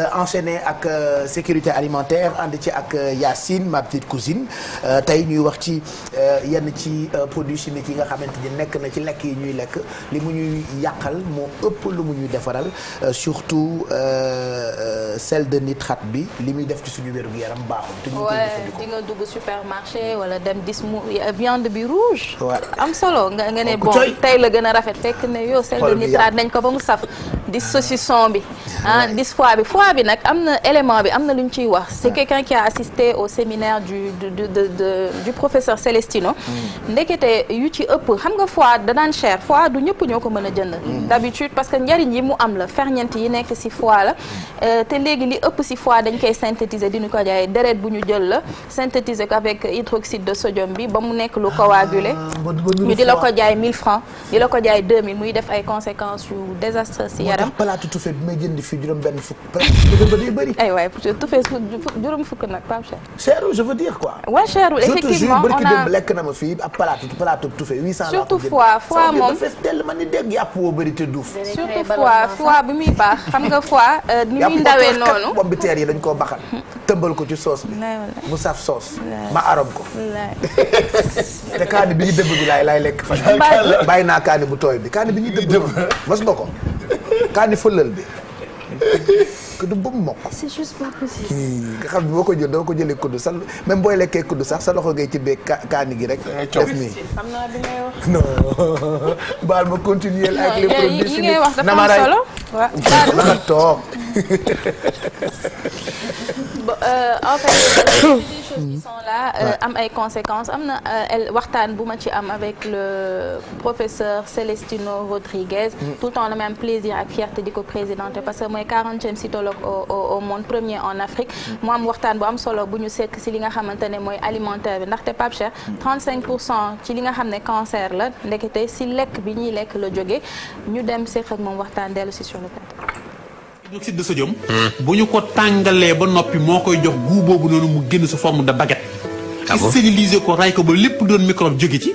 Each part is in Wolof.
Euh, enchaîner ak euh, sécurité alimentaire ànd ci ak euh, Yacine ma petite cousine tey ñuy wax ci yenn ci produits chimiques yi nga xamante ni nekk na ci lekk yi ñuy lekk li mu ñuy yàqal moo ëpp lu mu ñuy defaral surtout sel de nitrate bi li muy def ci suñu wér gu yaram baaxul. te ñu dugg supermarché wala dem gis mu viande bi rouge. am solo nga nga ne oh, bon tey la gën a rafet fekk ne yow sel de nitrate nañ ko ba mu saf. di bi ah bi fois débat bi nag am na élément bi am na lu ñu ciy wax c'est quelqu'un qui a assisté au séminaire du du de, de, du professeur Celestino mm. ndekete yu ci ëpp xam nga foie danaan cher foie du ñëpp ñoo ko mën a jënd mm. d'habitude parce que njariñ yi mu am la ferñeent yi nekk ci foie la mm. euh, te léegi li ëpp ci foie dañ koy synthétiser dina ko jaay deret bu ñu jël la synthétiser ko avec hydroxyde de sodium bi ba mu nekk lu coagulé ah, ñu di la ko jaay mille francs di la ko jaay 2000 muy def ay conséquences yu désastreuses ci yaram dëgg bëri bëri. aywa tuufee juróom fukk nag Pape Cheikh. cherul je veux dire quoi. waaw cherul effectivement on a lekk na ma fii ab palaatu palaatu tuufee 800. surtout foie foie moom dafa teel ma ni dégg yàpp woo bëri te duuf. surtout foie foie bi muy baax xam nga foie. Euh, ni muy ndawee noonu yàpp pommes de terre yi dañ koo baxal. tëmbal ko ci sauce bi. mu saf sauce. ma arom ko. te kaani bi ñu dëbb bi laay laay lekk. bàyyi naa kaani bu tooy bi kaani bi ñuy dëbb. mas nga ko kaani fëlal bi. kuddu ba mu nga xam ne boo ko jël doo ko jëlee kuddu sa même booy lekkee kuddu sax sa loxo gee ci bee kaani gi rek. Eh, def nii xam naa baal ma continuer ak les produits chimiques. yi ngay wax waa nga euh, sont là euh, am ay conséquence am na euh, waxtaan bu ma ci am avec le professeur Celestino Rodriguez. Mm. tout le temps le même plaisir ak fierté di ko présidente parce que mooy quarantième cytologue au au monde premier en Afrique. Mm. mu am waxtaan bu am solo bu ñu sekk si li nga xamante ne mooy alimentaire bi ndaxte Pape Cheikh. 35 mm. pour cent ci li nga xam ne cancer la ndekete si lekk bi ñuy lekk la jóge ñu dem sekk ak moom waxtaan dellu si sur hydroxyde de sodium. bu ñu ko tàngalee ba noppi moo koy jox goût boobu noonu mu génn sa forme de baguette. Ah stérilisé ko ray ko ba lépp doon microbe jóge ci.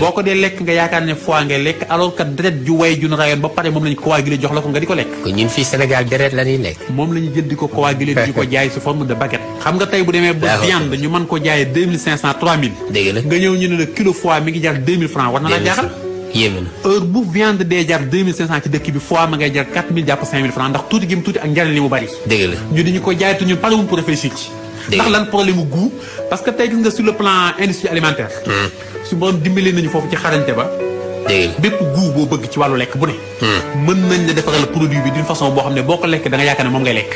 boo ko dee lekk nga yaakaar ne foie ngay lekk alors deret ju way ju rayoon ba pare moom lañ ko coagulé jox la ko nga di ko lekk. ñun fii Sénégal deret la lekk. moom la jël di ko coagulé di ko jaay su forme de baguette. xam nga tey bu demee ba viande ñu mën ko jaayee deux mille cinq cent yéeme na heure bu viande dee jar 2500 ci dëkk bi foie ma ngay jar 4000 jàpp 5000 francs ndax tuuti gi mu tuuti ak njariñ li mu bari. dëgg la ñu di jaay te ñun pare ci. ndax lan que tey gis nga sur le plan industrie alimentaire. Hmm. su borom dimbali nañu foofu ci ba. boo bëgg ci wàllu lekk bu ne. Hmm. mën nañ la produit bi d'une façon boo xam ne boo ko lekk da nga yaakaar ne moom ngay lekk.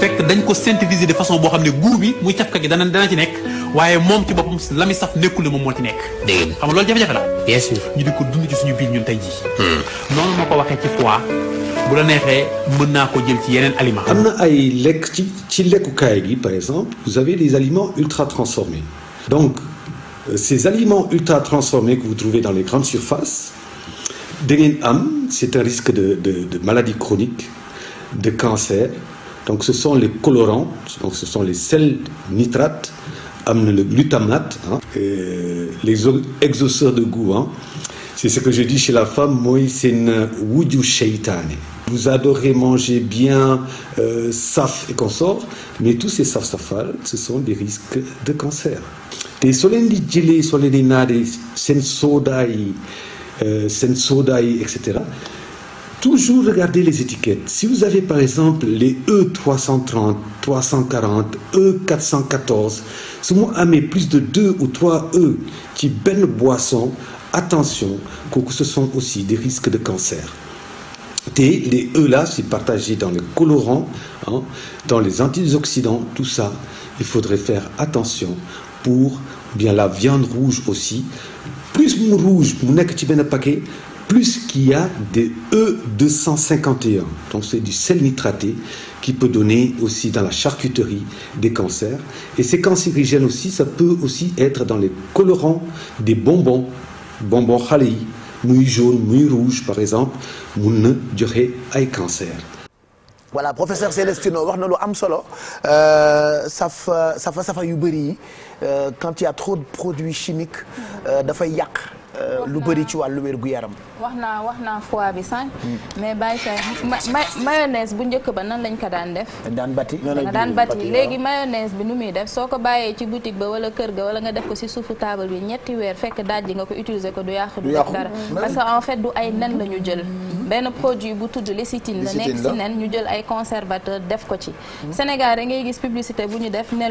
fekk dañ ko synthétiser de façon boo xam ne goût bi muy cafka gi dana dana ci nekk waaye moom ci boppam la muy saf nekkul moom moo ci nekk. xam nga loolu jafe-jafe la. bien sûr ñu di ko dund ci suñu biir ñun tey jii. Hmm. noonu ma ko waxee ci foie bu la neexee mën naa ko jël ci yeneen am na ay lekk ci ci lekkukaay gi par exemple vous avez des aliments ultra transformés donc euh, ces aliments ultra transformés que vous trouvez dans les grandes surfaces am c'est un risque de de de maladie chronique de cancer donc ce sont les colorants donc ce sont les sels nitrates. amené le glutamate, hein, les exauceurs de goût. Hein. C'est ce que je dis chez la femme, moïsine wudu shaitani. Vous adorez manger bien, euh, saf et consort, mais tous ces saf-safal, ce sont des risques de cancer. te so leen di jëlee soo leen di naanee seen soda yi euh, seen soda yi et cetera toujours regarder les étiquettes. Si vous avez par exemple les E330, 340, E414, su mu amee plus de deux ou trois E ci benn boisson attention kooku ce sont aussi des risques de cancer. te les E là c'est partagé dans les colorants hein, dans les antioxydants tout ça il faudrait faire attention pour bien la viande rouge aussi plus mu rouge mu nekk ci benn paquet. plus puisqu'il y a des E251, donc c'est du sel nitraté qui peut donner aussi dans la charcuterie des cancers. Et c'est cancérigène aussi, ça peut aussi être dans les colorants des bonbons, bonbons halei, mouille jaune, mouille rouge par exemple, mun na joxe ay cancer. voilà professeur Célestino wax na lu am solo euh, saf safa safa yu bëri yi euh, quand il y a trop de produits chimiques euh, dafay yàq. lu bëri ci wàllu wér gu yaram. wax naa wax naa fois bi sànq. mais bàyyi sa mayonnaise bu njëkk ba nan lañ ko daan def. daan bati daan bati léegi mayonnaise bi nu muy def soo ko bàyyee ci boutique ba wala kër ga wala nga def ko si suufu taabal bi ñetti weer fekk daaj nga ko utiliser ko du yàqu. du yàqu dara mm. parce en fait du ay nen la ñu jël. benn produit bu tudd lécithine la nekk si nen ñu jël ay conservateur def ko ci mm-hmm. Sénégal da ngay gis publicité bu ñu def ne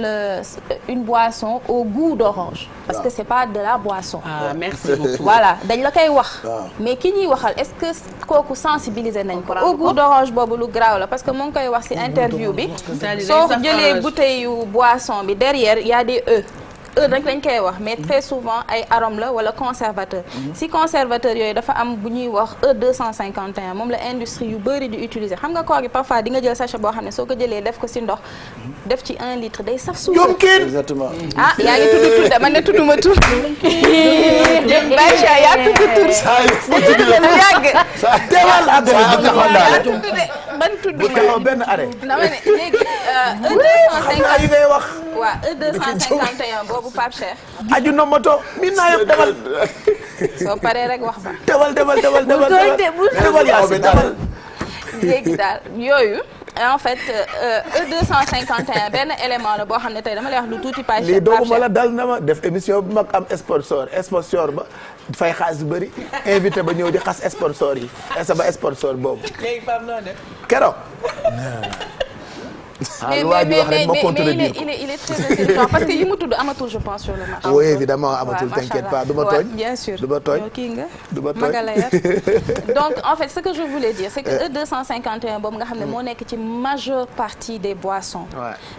une boisson au goût d'orange parce que c'est pas de la boisson ah, merci voilà dañ la koy wax mais ki ñuy waxal est-ce que kooku sensibiliser nañ ko au goût d'orange boobu lu graaw la parce que moo ngi koy wax si interview bi soo jëlee bouteille yu boisson bi derrière y a des e. heure rek lañ koy wax mais très souvent ay arôme la wala conservateur mhm. si conservateur yooyu dafa am bu ñuy wax E 251 moom la industrie yu bëri di utiliser xam nga koo gi parfois di nga jël sachet boo xam ne soo ko jëlee def ko si ndox mhm. def ci un litre day saf suuf exactement ah yaa ngi tudd tur de man ne tudduma tur Baïcha yaa tudd tur yàgg teewal ban tudd bu benn arrêt. dama ne léegi E251 euh, yi ngay wax. waaw E251 boobu Pape Cheikh. aju na moto. naa yëpp demal. soo paree rek wax ba. demal demal demal demal. bu tooy de bu léegi daal yooyu. Euh, en fait E251 euh, euh, e benn élément la boo xam ne tey dama lay wax lu tuuti. page lii dooguma la dal na ma def émission bu mag am sponsor sponsor ba fay xaalis bu bëri invité ba ñëw di xas sponsor yi sama sponsor boobu. léegi Pape noo def keroog. Ah. ah lu waa ji wax rek ma contredire ko mais mais il est très intéressant parce que yi mu tudd amatul je pense sur le marché. amatul t'inquiète pas du ma tooñ. bien du ma tooñ du ma tooñ donc en fait ce que je voulais dire c'est que euh. e nga xam ne moo nekk ci majeure partie des boissons.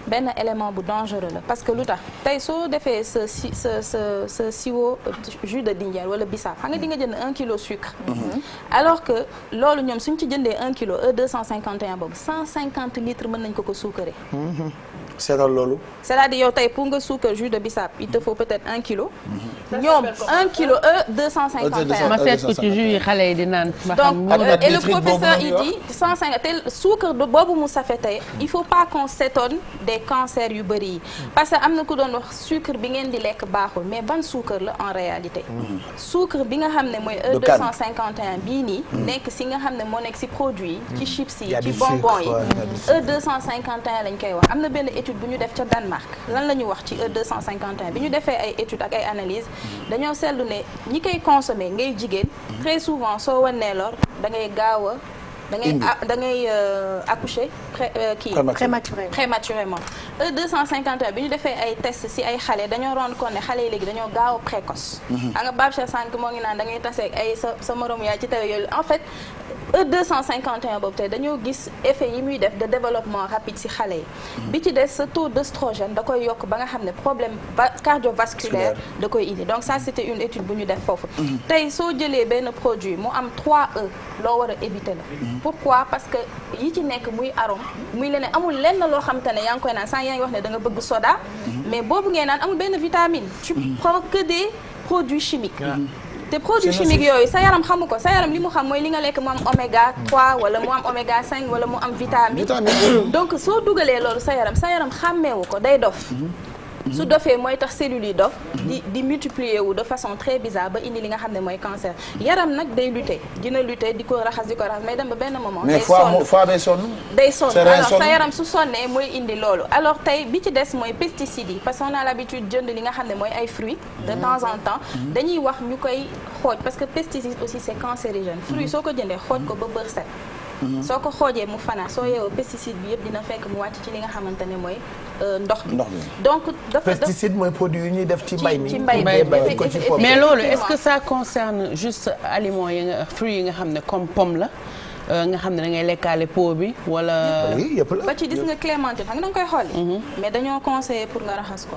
benn élément bu dangereux la parce que lu tax tey soo defee sa si sa sa sa siwo jus de dinjeer wala bisaab xam nga di nga jënd un kilo sucre. Mhm. alors que loolu ñoom suñ ci jëndee un kilo e litres mën nañ ko ko suuf. suukare seetal loolu. c'est-à-dire yow tey pour nga suukar jus de bissap il faut peut-être un kilo. ñoom un kilo e deux ma seet ko ci jus yi xale yi di naan. donc euh, et le professeur il dit cent cinquante te suukar boobu mu safe tey il faut pas kon s'étonne des cancers yu bëri yi. parce que am na ku doon wax suukar bi ngeen di lekk baaxul mais ban suukar la en réalité. Mm-hmm. suukar bi nga xam ne mooy. e deux cent bii nii. Mm-hmm. nekk si nga xam ne moo nekk si produit yi. ci mm-hmm. chips yi ci bonbon yi. e deux cent cinquante et un lañ koy wax am na étude bu ñu def ca Danemark lan la ñu wax ci E251 bi ñu defee ay étude ak analyse dañoo seetlu ne ñi koy consommer ngay jigéen mhm. très souvent soo wanee lor da ngay gaaw a da ngay da ngay euh, accoucher pré euh, kii. prématurément prématurément. E251 bi ñu defee ay test si ay xale dañoo rendre compte xale yi léegi dañoo gaaw a précoce. Mhm. a nga Bab Cheikh Sànq moo ngi naan da ngay taseeg ay sa sa morom yaay ci télé yooyu en fait E251 boobu tey dañoo gis effet yi muy def de développement rapide si xale yi. Mhm. bi ci des sa taux d'œstrogène da koy yokk ba nga xam ne problème cardiovasculaire da koy indi donc ça c'était une étude bu ñu def foofu. Mhm. tey soo jëlee benn produit mu am 3 e, loo war a éviter la. pourquoi parce que yi ci nekk muy arôme muy leneen amul lenn loo xam te ne yaa ngi koy naan sànq yaa ngi wax ne da nga bëgg soda. Mhm. mais boobu ngay naan amul benn vitamine. tu mhm. prends que des produits chimiques. te produits chimiques yooyu sa yaram xamu ko sa yaram li mu xam mooy li nga lekk mu am oméga 3 wala mu am oméga 5 wala mu am vitamine. donc soo dugalee loolu sa yaram sa yaram xàmmeewu ko day dof. Mhm. su dofee mooy tax cellules yi dof di di multiplier wu de façon très bizarre ba indi li nga xam ne mooy cancer yaram nag day lutter dina lute di ko raxas di ko raxas mais dem ba benn moment day sonn fois day sonn day sonn alors sa yaram su sonnee mooy indi loolu alors tey bi ci des mooy pesticides yi parce que on a l'habitude jënd li nga xam ne mooy ay fruits de mhm. temps en temps mhm. dañuy wax ñu koy xooj parce que pesticide aussi c'est cancérigène fruits mhm. soo ko jëndee xooj ko ba bër Mm-hmm. soo ko xoojee mu fanaa soo yeewoo pesticide bi yëpp dina fekk mu wàcc ci li nga xamante ne mooy euh, ndox bi donc dafa pesticide mooy produit yu ñuy def ci mbay mi ci mbay mi mais loolu est-ce que ça concerne juste aliments yi nga fruits yi nga xam ne comme pomme la euh, nga xam ne da ngay lekkaale pot bi wala. ba ci gis nga clémentine xam nga da nga koy xool mm-hmm. mais dañoo conseillé pour nga raxas ko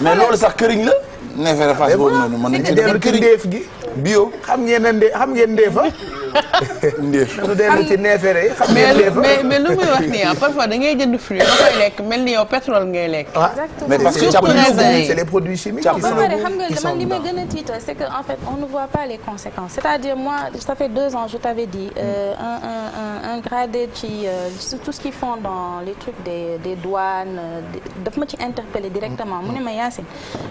mais loolu sax këriñ la. neefere fas boobu noonu mën nañu ci defar këriñ gi. bio xam ngeen ne xam ngeen ndeefa ndéef du dellu ci neefere lu muy wax nii ah parfois da ngay jënd fruit ba koy lekk mel ni yow pétrole ngay lekk. Ah, mais parce que c'est les produits chimiques. qui sont qui sont li ma gën a tiital c'est que en fait on ne voit pas les conséquences c'est-à-dire moi ça fait deux ans je t'avais dit euh, mm. un un un ci euh, tout ce qu'ils font dans les trucs des des douanes daf ma ci interpellé directement mm. mu ne ma Yacine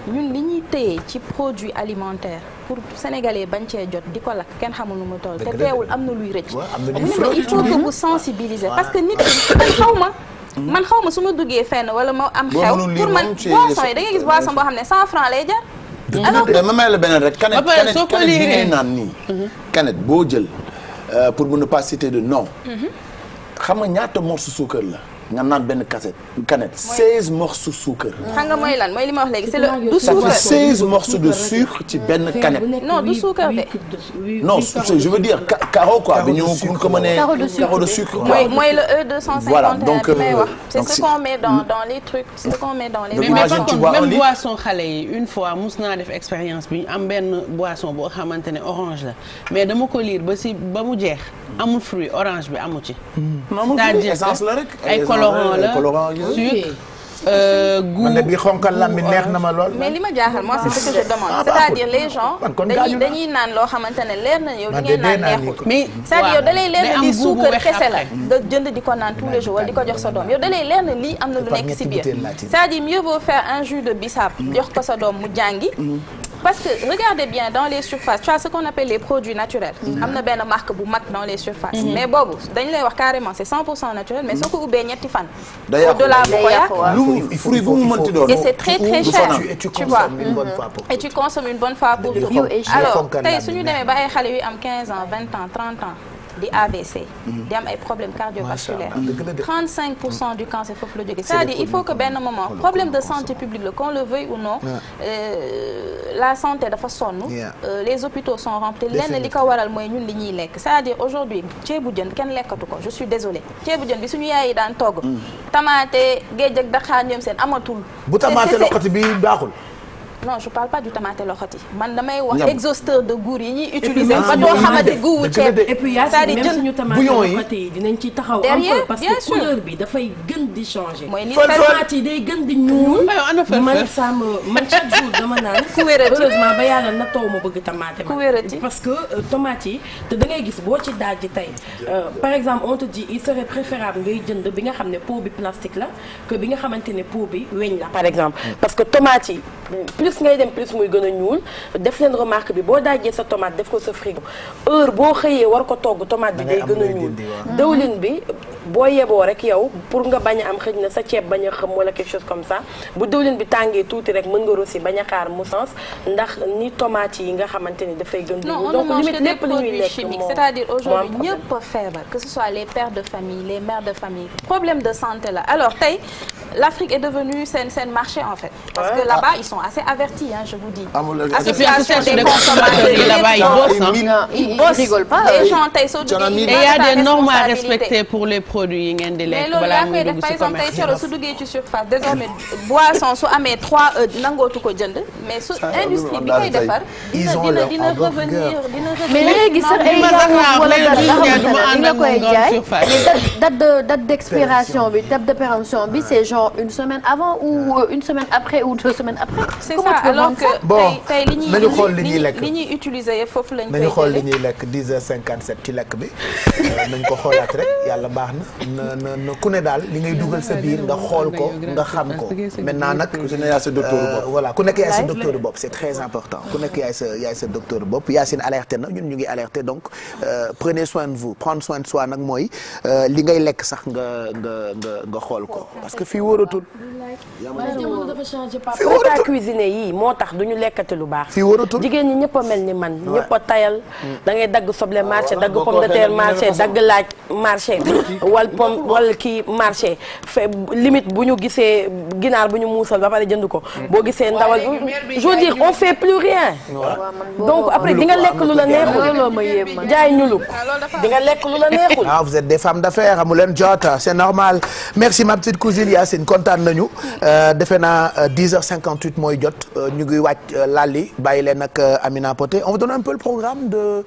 ñun li ñuy téye ci produits alimentaires pour sénégalais bañ cee jot di ko la kenn xamul nu mu teewul am na luy rëcc. waaw il faut que vous sensibiliser parce que nit ñi xaw ma. man xaw ma su ma duggee fenn wala ma am. xew pour man boisson yi da ngay gis boisson boo xam ne 100 francs lay jar. alors ma may la beneen rek. kanet mhm. kanet boo jël euh, pour mun a pas citer de nom. Mhm. xam nga ñaata morceau suukar la. nga naan benn cassette canette 16 morceaux suukar. Mm. xam nga mooy lan mooy li ma wax léegi c'est le du suukar. 16 morceaux de sucre ci benn canette. non du suukar de. non je veux dire caro quoi. bi de sucre mooy mooy le E250. voilà donc euh, hmm. c'est ce qu'on met dans une fois mus naa def expérience bi ñu am benn boisson boo xamante ne orange la mais dama ko liir ba si ba mu jeex amul fruit orange bi amu ci. Hmm. amul fruit essence la colorant la colorant sucre. Euh, goût man bi xonkal lam bi na ma lool. mais li ma jaaxal moi c'est ce que je ah, demande. à dire naan loo xamante ne leer na yow. li ngeen naan neexut mais. c'est-à-dire yow kese la. nga jënd di ko naan tous les jours wala di ko jox sa doom yow da lay leer na lii am na lu nekk si biir. c'est-à-dire mieux vaut jox ko sa doom mu jàngi. Mm-hmm. parce que regardez bien dans les surfaces tu as ce qu'on appelle les produits naturels mhm. am na benn marque bu dans les surfaces mhm. mais boobu dañ lay carrément c'est naturel mais soo ko mhm. ubbee fan au dollar bu ko yàq fruit bu mu mënti bonne fois pour tout alors tey suñu demee ba ay xale am ans ans 30 ans di AVC. di am ay problèmes cardiovasculaires. 35 pour cent du cancer foofu la jógee. c'est-à-dire il faut que benn moment problème de santé publique la qu'on le veuille ou non. Euh, la santé dafa sonn. Euh, les hôpitaux sont remplis lenn li ko waral mooy ñun li ñuy lekk c'est-à-dire aujourd'hui ceebu jën kenn lekkatu ko je suis désolée ceebu jën bi suñu yaay yi daan togg. Mm. tamaate géej ak daxaar ñoom seen amatul. bu tamaate loxoti bi baaxul. non je parle pas du tamaate loxoti man damay wax dama naan ba yàlla na taw ma bëgg tamaate ma parce que euh, tomate yi te da ngay gis boo ci dajji tey euh, par exemple on te dit il serait préférable ngay jënd bi nga xam ne pot bi plastique la que bi nga xamante ne pot bi weñ la par exemple mm. parce que tomate yi plus ngay dem plus muy gën a ñuul def leen remarque bi boo daajee sa tomate def ko sa frigo heure boo xëyee war ko togg tomate bi day gën a ñuul dëwlin bi boo yeboo rek yow pour nga bañ am xëj na sa ceeb bañ a xëm wala quelque chose comme sa bu dëwlin bi tàngee tuuti rek mën nga rossi bañ a xaar mu sens ndax ni tomate yi nga xamante ni dafay gën ñuul donc limite lépp li ñuy lekk moom c'est-à-dire aujourd'hui ñëpp feebar que ce soit les pères de famille les mères de famille problème de santé la alors tey l'Afrique est devenue seen seen marché parce que là-bas ah. ils sont assez avertis je vous dis. Ah, association des consommateurs yi là-bas ils bossent les gens tey soo duggee. et y a des normes à respecter pour les produits yi ngeen di lekk balaa muy dugg si commerce mais loolu su duggee ci surface désormais boisson su amee trois nangootu ko jënd mais su industrie bi koy defar. dina dina revenir dina mais léegi sax ay de date d'expiration bi de péremption genre une semaine avant ou euh, une semaine après ou deux semaines après. c'est xool li ñuy lekk li ñuy utiliser foofu lañ. nañu xool li ñuy lekk 10h57 ci lekk bi euh, nañ ko xoolaat rek yàlla baax na na na ku ne daal li ngay dugal sa biir nga xool ko nga xam ko maintenant nag. ku ne yaay sa docteur bopp voilà ku nekk yaay sa docteur bopp c'est très important ku nekk yaay sa bopp Yacine alerté na ñun ñu ngi alerté donc euh, prenez soin de vous prendre soin de soi nag mooy li ngay lekk sax nga nga nga nga xool ko parce que fii. waratul. fi waratul cuisine yii moo tax du ñu lekkati lu baax. fi waratul jigéen ñi ñëpp a mel ni man. ñëpp a tayal da ngay dagg soble ah, marché dagg pomme de terre marché dagg laaj marché. wal pomme wal ki marché fe limite bu ñu gisee ginaar bu ñu muusal ba pare jënd ko. boo gisee ndawal je dire on fait plus rien. donc après di lekk lu la neexul. jaay ñuluk ah, di nga lekk lu la neexul. ah vous êtes des femmes d'affaires amu leen jot c'est normal merci ma petite Yacine kontaan nañu euh, defe naa 10h58 euh, mooy jot euh, ñu ngi wàcc làlli bàyyi leen ak Amina Poté on vous donne un peu le programme de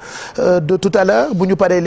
de tout à l'heure bu ñu paree.